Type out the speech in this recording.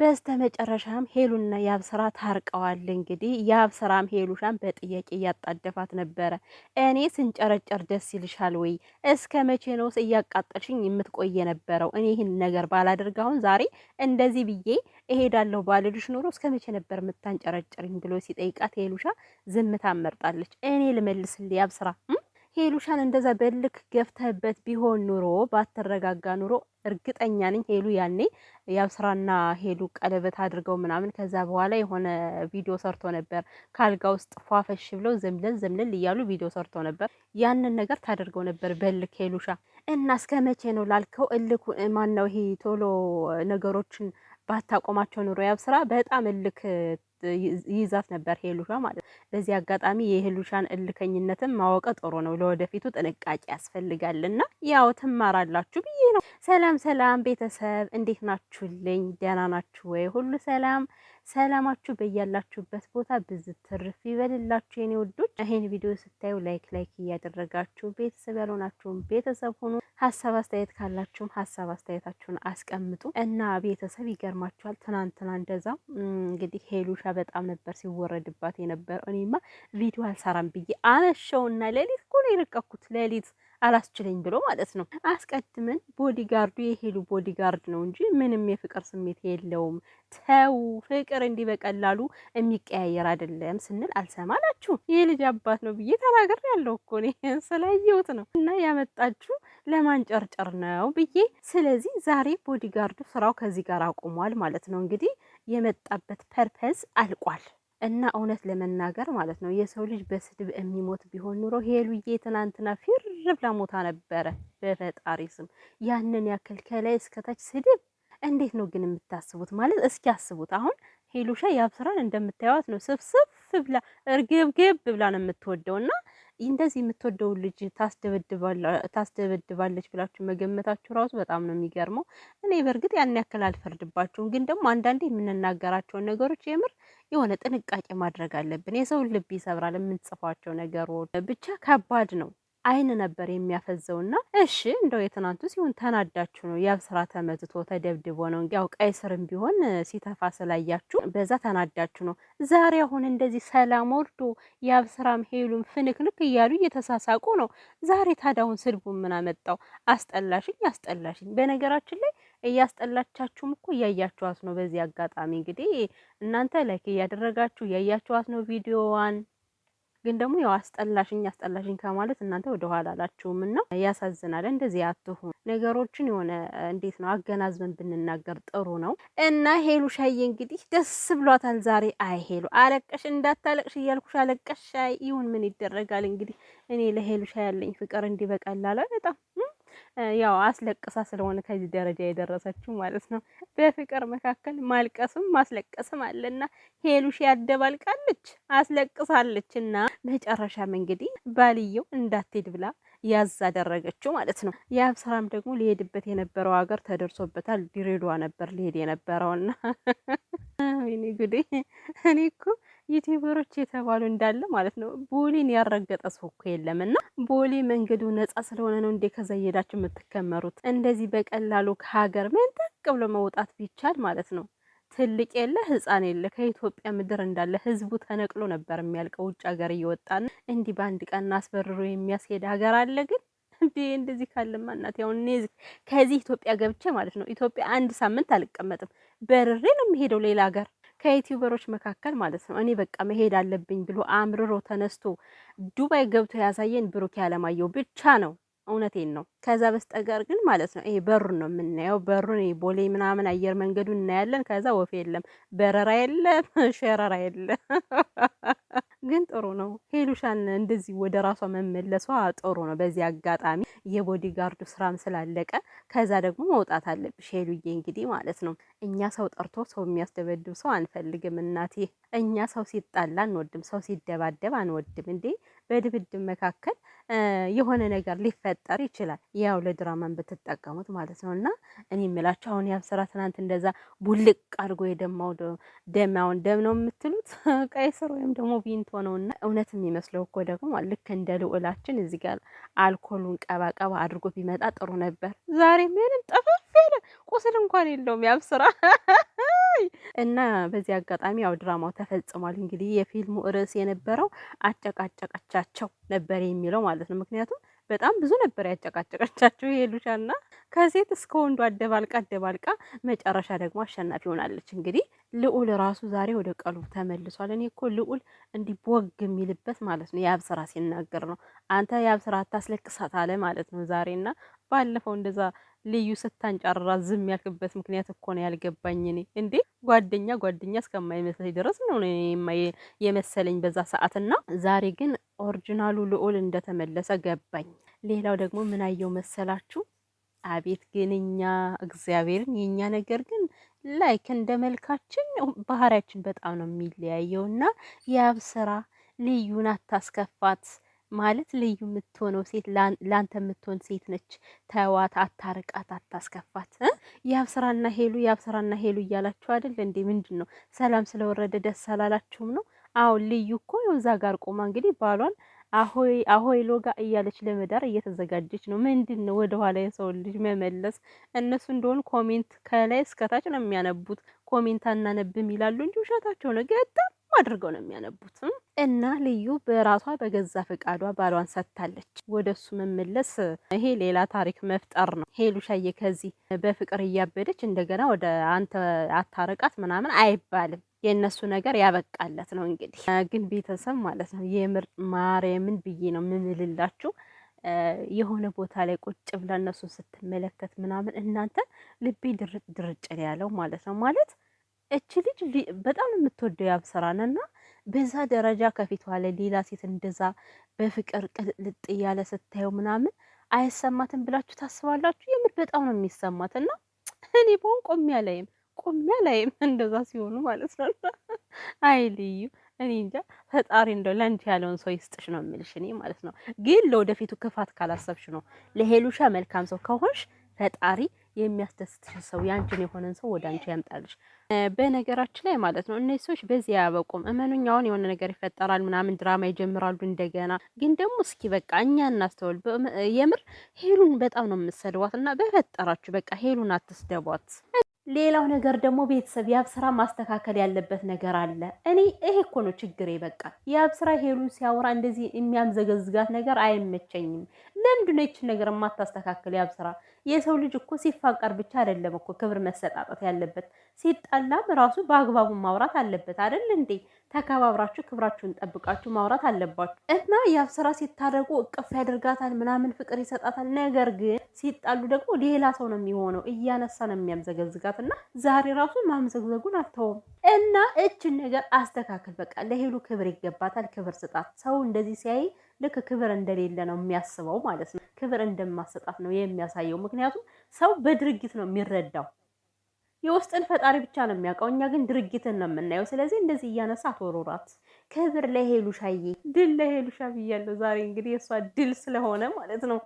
በስተ መጨረሻም ሄሉና ያብስራ ታርቀዋል። እንግዲህ ያብስራም ሄሉሻም በጥያቄ እያጣደፋት ነበረ። እኔ ስንጨረጨር ደስ ይልሻል ወይ? እስከ መቼ ነው እያቃጠልሽኝ የምትቆይ የነበረው? እኔ ይህን ነገር ባላደርግ አሁን ዛሬ እንደዚህ ብዬ እሄዳለሁ ባልልሽ ኖሮ እስከ መቼ ነበር የምታንጨረጨርኝ? ብሎ ሲጠይቃት ሄሉሻ ዝምታ መርጣለች። እኔ ልመልስልህ ያብስራ ሄሉሻን እንደዛ በልክ ገፍተህበት ቢሆን ኑሮ ባትረጋጋ ኑሮ እርግጠኛ ነኝ ሄሉ ያኔ ያው ስራና ሄሉ ቀለበት አድርገው ምናምን ከዛ በኋላ የሆነ ቪዲዮ ሰርቶ ነበር። ካልጋ ውስጥ ፏፈሽ ብለው ዘምለል ዘምለል እያሉ ቪዲዮ ሰርቶ ነበር። ያንን ነገር ታደርገው ነበር በልክ ሄሉሻ። እና እስከ መቼ ነው ላልከው እልኩ ማን ነው ይሄ ቶሎ ነገሮችን ባታቆማቸው ኑሮ ያብስራ በጣም እልክ ይዛት ነበር ሄሉሻ ማለት ነው። በዚህ አጋጣሚ የሄሉሻን እልከኝነትን ማወቀ ጥሩ ነው። ለወደፊቱ ጥንቃቄ ያስፈልጋልና ያው ትማራላችሁ ብዬ ነው። ሰላም ሰላም ቤተሰብ እንዴት ናችሁልኝ? ደህና ናችሁ ወይ? ሁሉ ሰላም ሰላማችሁ በያላችሁበት ቦታ ብዙ ትርፍ ይበልላችሁ የኔ ውዶች። ይህን ቪዲዮ ስታዩ ላይክ ላይክ እያደረጋችሁ ቤተሰብ ያልሆናችሁም ቤተሰብ ሁኑ። ሀሳብ አስተያየት ካላችሁም ሀሳብ አስተያየታችሁን አስቀምጡ እና ቤተሰብ ይገርማችኋል። ትናንትና እንደዛ እንግዲህ ሄሉሻ በጣም ነበር ሲወረድባት የነበረው። እኔማ ቪዲዮ አልሰራም ብዬ አነሸውና ሌሊት እኮ ነው የለቀኩት ሌሊት አላስችለኝ ብሎ ማለት ነው። አስቀድመን ቦዲጋርዱ የሄሉ ቦዲጋርድ ነው እንጂ ምንም የፍቅር ስሜት የለውም። ተው ፍቅር እንዲህ በቀላሉ የሚቀያየር አይደለም ስንል አልሰማላችሁ። ይህ ልጅ አባት ነው ብዬ ተናገር ያለው እኮ እኔ ስላየሁት ነው እና ያመጣችሁ ለማንጨርጨር ነው ብዬ። ስለዚህ ዛሬ ቦዲጋርዱ ስራው ከዚህ ጋር አቁሟል ማለት ነው። እንግዲህ የመጣበት ፐርፐዝ አልቋል። እና እውነት ለመናገር ማለት ነው የሰው ልጅ በስድብ የሚሞት ቢሆን ኑሮ ሄሉዬ ትናንትና ፊር ብላ ሞታ ነበረ። በፈጣሪ ስም ያንን ያክል ከላይ እስከታች ስድብ እንዴት ነው ግን የምታስቡት? ማለት እስኪ አስቡት። አሁን ሄሉሻ ያብስራን እንደምታዩት ነው ስብስብ ብላ እርግብግብ ብላ ነው የምትወደው እና እንደዚህ የምትወደው ልጅ ታስደበድባለች ብላችሁ መገመታችሁ ራሱ በጣም ነው የሚገርመው። እኔ በእርግጥ ያን ያክል አልፈርድባችሁም፣ ግን ደግሞ አንዳንዴ የምንናገራቸውን ነገሮች የምር የሆነ ጥንቃቄ ማድረግ አለብን። የሰውን ልብ ይሰብራል የምንጽፏቸው ነገሮች። ብቻ ከባድ ነው። አይን ነበር የሚያፈዘውና እሺ እንደው የትናንቱ ሲሆን ተናዳችሁ ነው ያብ ስራ ተመትቶ ተደብድቦ ነው ያው ቀይ ስርም ቢሆን ሲተፋ ስላያችሁ በዛ ተናዳችሁ ነው። ዛሬ አሁን እንደዚህ ሰላም ወርዶ ያብ ስራም ሄሉም ፍንክንክ እያሉ እየተሳሳቁ ነው። ዛሬ ታዳውን ስድቡ ምን አመጣው? አስጠላሽኝ አስጠላሽኝ። በነገራችን ላይ እያስጠላቻችሁም እኮ እያያችኋት ነው። በዚህ አጋጣሚ እንግዲህ እናንተ ላይክ እያደረጋችሁ እያያችኋት ነው ቪዲዮዋን ግን ደግሞ ያው አስጠላሽኝ አስጠላሽኝ ከማለት እናንተ ወደኋላ አላችሁም እና ያሳዝናል። እንደዚህ አትሁን። ነገሮችን የሆነ እንዴት ነው አገናዝበን ብንናገር ጥሩ ነው እና ሄሉ ሻዬ እንግዲህ ደስ ብሏታል ዛሬ። አይ ሄሉ አለቀሽ እንዳታለቅሽ እያልኩሽ አለቀሽ። ይሁን ምን ይደረጋል እንግዲህ እኔ ለሄሉ ሻይ ያለኝ ፍቅር እንዲበቃላለ በጣም ያው አስለቅሳ ስለሆነ ከዚህ ደረጃ የደረሰችው ማለት ነው። በፍቅር መካከል ማልቀስም ማስለቀስም አለና ሄሉሽ ያደባልቃለች፣ አስለቅሳለች። እና መጨረሻም እንግዲህ ባልየው እንዳትሄድ ብላ ያዝ አደረገችው ማለት ነው። የአብስራም ደግሞ ሊሄድበት የነበረው ሀገር ተደርሶበታል። ድሬዳዋ ነበር ሊሄድ የነበረውና ወይኔ ጉዴ እኔ እኮ ዩቲዩበሮች የተባሉ እንዳለ ማለት ነው። ቦሌን ያረገጠ ሰው እኮ የለም። እና ቦሌ መንገዱ ነጻ ስለሆነ ነው እንዴ ከዛ እየሄዳችሁ የምትከመሩት? እንደዚህ በቀላሉ ከሀገር መንጠቅ ብሎ መውጣት ቢቻል ማለት ነው ትልቅ የለ ህፃን የለ ከኢትዮጵያ ምድር እንዳለ ህዝቡ ተነቅሎ ነበር የሚያልቀው። ውጭ ሀገር እየወጣን እንዲህ በአንድ ቀን እናስበርሮ የሚያስሄድ ሀገር አለ ግን እንዴ እንደዚህ ካለማ እናት አሁን እኔ ከዚህ ኢትዮጵያ ገብቼ ማለት ነው ኢትዮጵያ አንድ ሳምንት አልቀመጥም፣ በርሬ ነው የሚሄደው ሌላ ሀገር ከዩቲዩበሮች መካከል ማለት ነው። እኔ በቃ መሄድ አለብኝ ብሎ አምርሮ ተነስቶ ዱባይ ገብቶ ያሳየን ብሩኬ አለማየሁ ብቻ ነው። እውነቴን ነው። ከዛ በስተቀር ግን ማለት ነው ይሄ በሩን ነው የምናየው። በሩን ቦሌ ምናምን አየር መንገዱን እናያለን። ከዛ ወፍ የለም፣ በረራ የለም፣ ሸረራ የለም። ግን ጥሩ ነው። ሄሉሻን እንደዚህ ወደ ራሷ መመለሷ ጥሩ ነው። በዚህ አጋጣሚ የቦዲጋርዱ ስራም ስላለቀ ከዛ ደግሞ መውጣት አለብሽ ሄሉዬ። እንግዲህ ማለት ነው እኛ ሰው ጠርቶ ሰው የሚያስደበድብ ሰው አንፈልግም እናቴ። እኛ ሰው ሲጣላ አንወድም፣ ሰው ሲደባደብ አንወድም እንዴ በድብድብ መካከል የሆነ ነገር ሊፈጠር ይችላል። ያው ለድራማን ብትጠቀሙት ማለት ነው። እና እኔ የምላቸው አሁን ያብስራ ትናንት እንደዛ ቡልቅ አድርጎ የደማው ደም አሁን ደም ነው የምትሉት ቀይ ስር ወይም ደግሞ ቢንቶ ነው። እና እውነት የሚመስለው እኮ ደግሞ ልክ እንደ ልዑላችን እዚህ ጋር አልኮሉን ቀባቀባ አድርጎ ቢመጣ ጥሩ ነበር። ዛሬ ምንም ጠፈፍ ያለ ቁስል እንኳን የለውም ያብስራ እና በዚህ አጋጣሚ ያው ድራማው ተፈጽሟል። እንግዲህ የፊልሙ ርዕስ የነበረው አጨቃጨቀቻቸው ነበር የሚለው ማለት ነው። ምክንያቱም በጣም ብዙ ነበር ያጨቃጨቀቻቸው ሄሉሻና ከሴት እስከ ወንዱ አደባልቃ አደባልቃ መጨረሻ ደግሞ አሸናፊ ሆናለች። እንግዲህ ልዑል ራሱ ዛሬ ወደ ቀሉ ተመልሷል። እኔ እኮ ልዑል እንዲህ ቦግ የሚልበት ማለት ነው የአብስራ ሲናገር ነው። አንተ የአብስራ አታስለቅሳት አለ ማለት ነው ዛሬ ዛሬና ባለፈው እንደዛ ልዩ ስታንጫራ ዝም ያልክበት ምክንያት እኮ ነው ያልገባኝ። እኔ እንዴ ጓደኛ ጓደኛ እስከማይመስለኝ ድረስ ነው የመሰለኝ በዛ ሰዓትና፣ ዛሬ ግን ኦሪጂናሉ ልዑል እንደተመለሰ ገባኝ። ሌላው ደግሞ ምን አየው መሰላችሁ? አቤት ግን እኛ እግዚአብሔርን የእኛ ነገር ግን ላይክ እንደ መልካችን ባህሪያችን በጣም ነው የሚለያየውና የአብ ስራ ልዩን አታስከፋት ማለት ልዩ የምትሆነው ሴት ላንተ የምትሆን ሴት ነች። ተዋት፣ አታርቃት፣ አታስከፋት። የአብስራና ሄሉ የአብስራና ሄሉ እያላችሁ አይደል እንዴ? ምንድን ነው ሰላም ስለወረደ ደስ አላላችሁም ነው? አዎ ልዩ እኮ የውዛ ጋር ቆማ እንግዲህ ባሏን አሆይ አሆይ ሎጋ እያለች ለመዳር እየተዘጋጀች ነው። ምንድን ነው ወደኋላ የሰው ልጅ መመለስ? እነሱ እንደሆን ኮሜንት ከላይ እስከታች ነው የሚያነቡት። ኮሜንት አናነብም ይላሉ እንጂ ውሸታቸው ነው። ገጠም አድርገው ነው የሚያነቡት። እና ልዩ በራሷ በገዛ ፈቃዷ ባሏን ሰጥታለች። ወደ እሱ መመለስ ይሄ ሌላ ታሪክ መፍጠር ነው። ሄሉሻዬ ከዚህ በፍቅር እያበደች እንደገና ወደ አንተ አታረቃት ምናምን አይባልም። የእነሱ ነገር ያበቃለት ነው። እንግዲህ ግን ቤተሰብ ማለት ነው የምር ማርያምን ብዬ ነው የምምልላችሁ የሆነ ቦታ ላይ ቁጭ ብላ እነሱን ስትመለከት ምናምን እናንተ ልቤ ድርጭ ድርጭ ያለው ማለት ነው ማለት እች ልጅ በጣም የምትወደው ያብስራን እና በዛ ደረጃ ከፊቷ ላይ ሌላ ሴት እንደዛ በፍቅር ቅልጥልጥ እያለ ስታየው ምናምን አይሰማትም ብላችሁ ታስባላችሁ? የምር በጣም ነው የሚሰማት እና እኔ በሆን ቆሜ አላይም ቆሜ አላይም እንደዛ ሲሆኑ ማለት ነው። አይ ልዩ እኔ እንጃ ፈጣሪ እንደው ለአንቺ ያለውን ሰው ይስጥሽ ነው የሚልሽ እኔ ማለት ነው። ግን ለወደፊቱ ክፋት ካላሰብሽ ነው ለሄሉሻ መልካም ሰው ከሆንሽ ፈጣሪ የሚያስደስትሽን ሰው ያንቺን የሆነን ሰው ወደ አንቺ ያምጣልሽ። በነገራችን ላይ ማለት ነው እነዚህ ሰዎች በዚህ አያበቁም። አሁን የሆነ ነገር ይፈጠራል፣ ምናምን ድራማ ይጀምራሉ። እንደገና ግን ደግሞ እስኪ በቃ እኛ እናስተውል። የምር ሄሉን በጣም ነው የምትሰድቧት እና በፈጠራችሁ በቃ ሄሉን አትስደቧት። ሌላው ነገር ደግሞ ቤተሰብ የአብስራ ማስተካከል ያለበት ነገር አለ። እኔ ይሄ እኮ ነው ችግሬ። በቃ የአብስራ ሄሉን ሲያወራ እንደዚህ የሚያምዘገዝጋት ነገር አይመቸኝም። ለምንድን ነው ይችን ነገር የማታስተካከል? የአብስራ የሰው ልጅ እኮ ሲፋቀር ብቻ አይደለም እኮ ክብር መሰጣጠት ያለበት፣ ሲጣላም ራሱ በአግባቡ ማውራት አለበት አይደል እንዴ? ተከባብራችሁ ክብራችሁን ጠብቃችሁ ማውራት አለባችሁ እና ያብ ስራ ሲታረቁ እቅፍ ያደርጋታል፣ ምናምን ፍቅር ይሰጣታል። ነገር ግን ሲጣሉ ደግሞ ሌላ ሰው ነው የሚሆነው፣ እያነሳ ነው የሚያምዘገዝጋት እና ዛሬ ራሱ ማምዘግዘጉን አልተውም እና እችን ነገር አስተካክል። በቃ ለሄሉ ክብር ይገባታል፣ ክብር ስጣት። ሰው እንደዚህ ሲያይ ልክ ክብር እንደሌለ ነው የሚያስበው ማለት ነው። ክብር እንደማሰጣት ነው የሚያሳየው። ምክንያቱም ሰው በድርጊት ነው የሚረዳው። የውስጥን ፈጣሪ ብቻ ነው የሚያውቀው። እኛ ግን ድርጊትን ነው የምናየው። ስለዚህ እንደዚህ እያነሳ አትወሮራት። ክብር ሻዬ፣ ድል ለሄሉሻ ብያለሁ። ዛሬ እንግዲህ እሷ ድል ስለሆነ ማለት ነው።